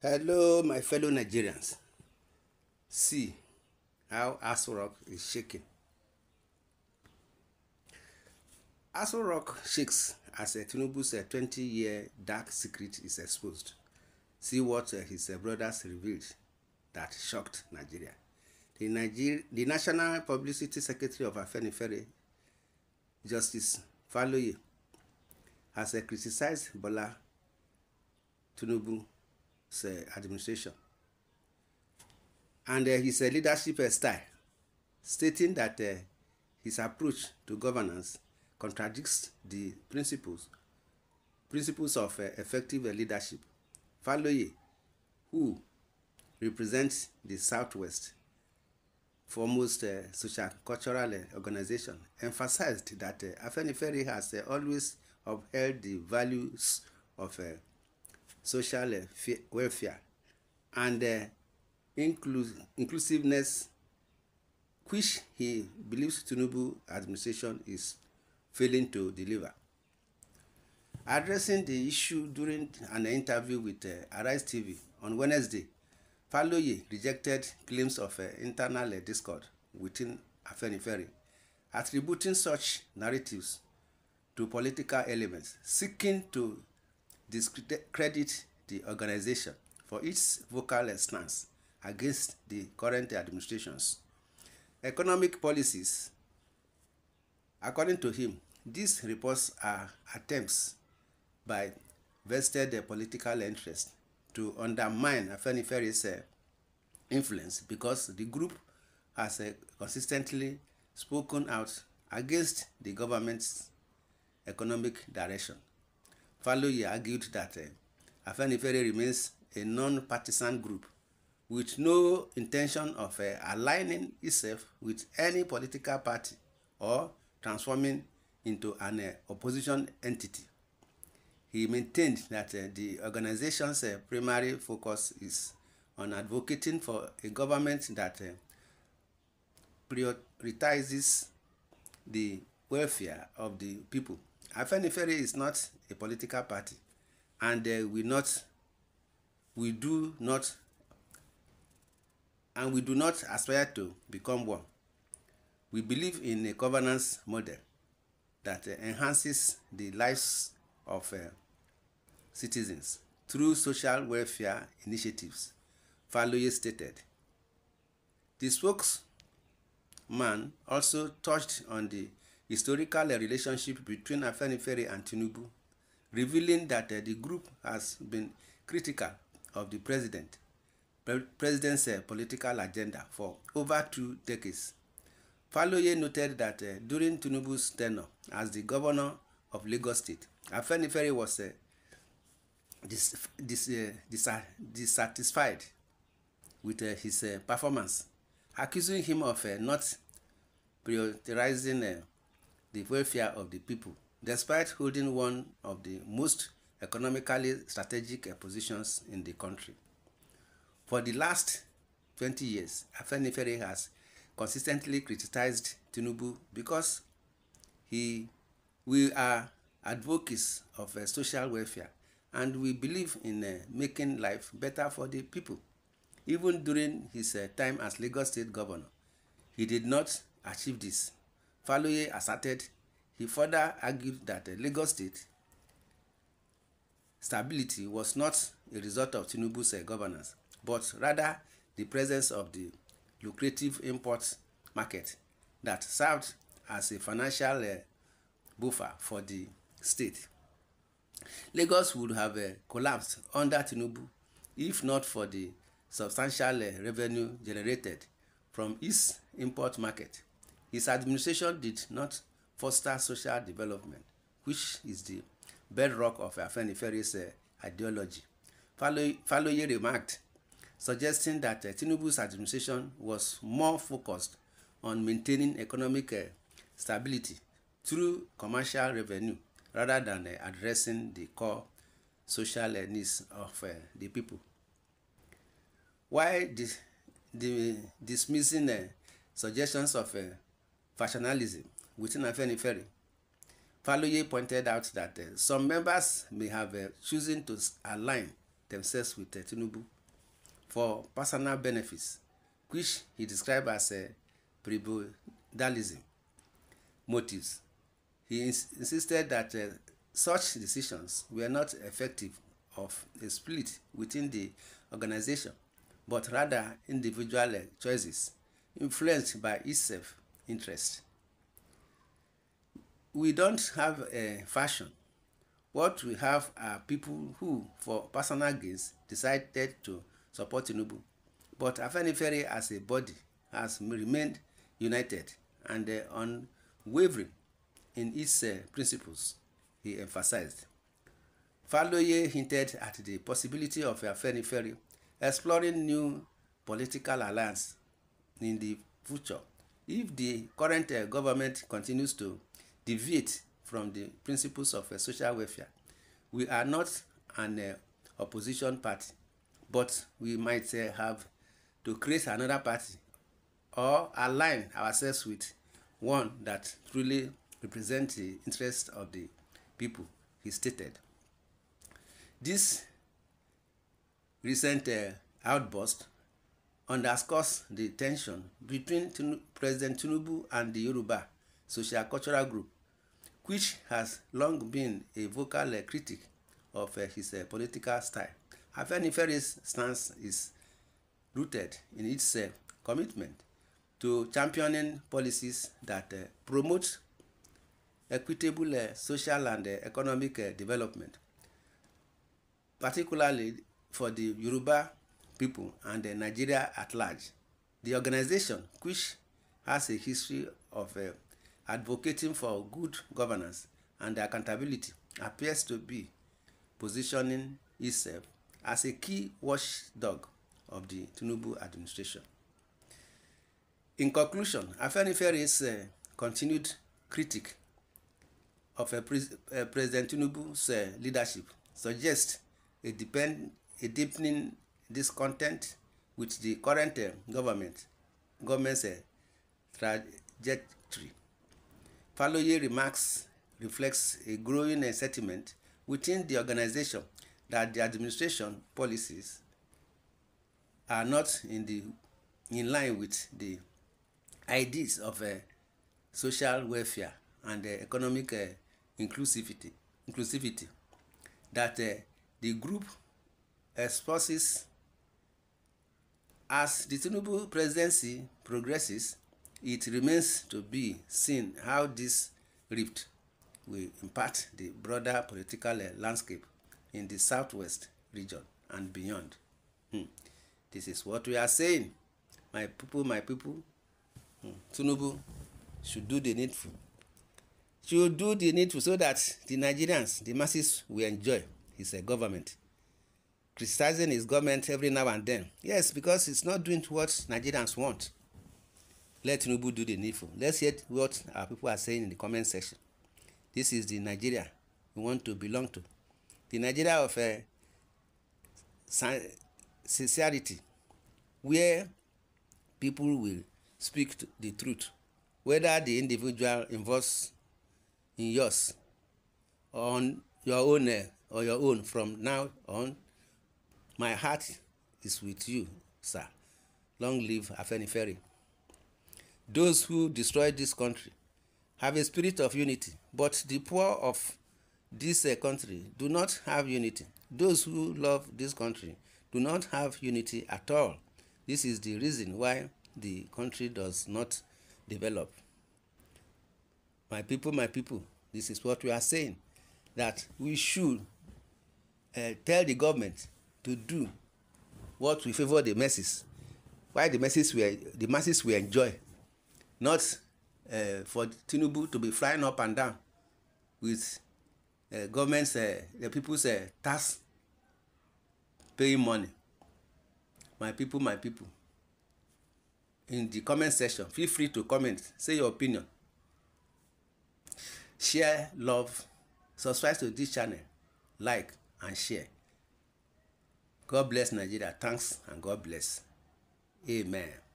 Hello, my fellow Nigerians. See how Aso is shaking. Aso shakes as uh, Tinubu's 20-year dark secret is exposed. See what uh, his uh, brothers revealed that shocked Nigeria. The, Niger the National Publicity Secretary of Afenifere, Justice Faloye, has uh, criticized Bola Tinubu Uh, administration. And uh, his uh, leadership uh, style, stating that uh, his approach to governance contradicts the principles principles of uh, effective leadership. Faloye, who represents the Southwest, foremost uh, social cultural organization, emphasized that uh, Afenifere has always upheld the values of social welfare, and uh, inclus inclusiveness, which he believes Tinubu administration is failing to deliver. Addressing the issue during an interview with uh, Arise TV on Wednesday, Faloye rejected claims of uh, internal uh, discord within Afenifere, attributing such narratives to political elements seeking to discredit the organization for its vocal stance against the current administrations. Economic policies. According to him, these reports are attempts by vested political interests to undermine Afeniferi's uh, influence because the group has uh, consistently spoken out against the government's economic direction. Faloyi argued that uh, Afenifere remains a non-partisan group with no intention of uh, aligning itself with any political party or transforming into an uh, opposition entity. He maintained that uh, the organization's uh, primary focus is on advocating for a government that uh, prioritizes the welfare of the people Afenifere is not a political party and uh, we not we do not and we do not aspire to become one. We believe in a governance model that uh, enhances the lives of uh, citizens through social welfare initiatives, Faloye stated. The spokesman also touched on the historical relationship between Afenifere and Tinubu, revealing that uh, the group has been critical of the president, pre president's uh, political agenda for over two decades. Faloye noted that uh, during Tinubu's tenure as the governor of Lagos State, Afenifere was uh, dis dis uh, dis dissatisfied with uh, his uh, performance, accusing him of uh, not prioritizing uh, the welfare of the people, despite holding one of the most economically strategic positions in the country. For the last 20 years, Afenifere has consistently criticized Tinubu because he, we are advocates of uh, social welfare and we believe in uh, making life better for the people. Even during his uh, time as Lagos State Governor, he did not achieve this. Faluye asserted. He further argued that the Lagos state stability was not a result of Tinubu's uh, governance, but rather the presence of the lucrative import market that served as a financial uh, buffer for the state. Lagos would have uh, collapsed under Tinubu if not for the substantial uh, revenue generated from its import market. His administration did not foster social development, which is the bedrock of Afenifere's uh, ideology. Faloye remarked, suggesting that uh, Tinubu's administration was more focused on maintaining economic uh, stability through commercial revenue rather than uh, addressing the core social uh, needs of uh, the people. While dis dismissing uh, suggestions of uh, factionalism within Afenifere. Faloye pointed out that uh, some members may have uh, chosen to align themselves with uh, Tinubu for personal benefits, which he described as uh, prebendalism motives. He ins insisted that uh, such decisions were not effective of a split within the organization, but rather individual uh, choices influenced by itself interest. We don't have a eh, fashion. What we have are people who, for personal gains, decided to support Tinubu. But Afenifere as a body has remained united and uh, unwavering in its uh, principles, he emphasized. Faloye hinted at the possibility of Afenifere exploring new political alliance in the future If the current uh, government continues to deviate from the principles of uh, social welfare, we are not an uh, opposition party, but we might uh, have to create another party or align ourselves with one that truly represents the interests of the people, he stated. This recent uh, outburst underscores the tension between Tinu President Tinubu and the Yoruba social cultural group, which has long been a vocal uh, critic of uh, his uh, political style. Afenifere's stance is rooted in its uh, commitment to championing policies that uh, promote equitable uh, social and uh, economic uh, development, particularly for the Yoruba people and uh, Nigeria at large. The organization, which has a history of uh, advocating for good governance and accountability, appears to be positioning itself as a key watchdog of the Tinubu administration. In conclusion, Afeniferi's uh, continued critique of uh, Pre uh, President Tinubu's uh, leadership suggests a, a, deepening Discontent with the current uh, government, government's uh, trajectory. Following remarks reflects a growing uh, sentiment within the organization that the administration policies are not in the in line with the ideas of uh, social welfare and uh, economic uh, inclusivity inclusivity that the group exposes As the Tinubu presidency progresses, it remains to be seen how this rift will impact the broader political eh, landscape in the southwest region and beyond. Hmm. This is what we are saying. My people, my people, hmm. Tinubu should do the needful. Should do the needful so that the Nigerians, the masses, will enjoy his uh, government criticizing his government every now and then. Yes, because it's not doing what Nigerians want. Let Tinubu do the needful. Let's hear what our people are saying in the comment section. This is the Nigeria we want to belong to. The Nigeria of uh, sincerity, where people will speak the truth, whether the individual involves in yours on your own uh, or your own from now on My heart is with you, sir. Long live Afeni Ferry. Those who destroyed this country have a spirit of unity, but the poor of this uh, country do not have unity. Those who love this country do not have unity at all. This is the reason why the country does not develop. My people, my people, this is what we are saying that we should uh, tell the government to do what will favour the masses why the masses were the masses will enjoy not uh, for tinubu to be flying up and down with uh, eh, government uh, eh, the people's uh, tax paying money my people my people in the comment section feel free to comment say your opinion share love subscribe to this channel like and share God bless Nigeria. Thanks and God bless. Amen.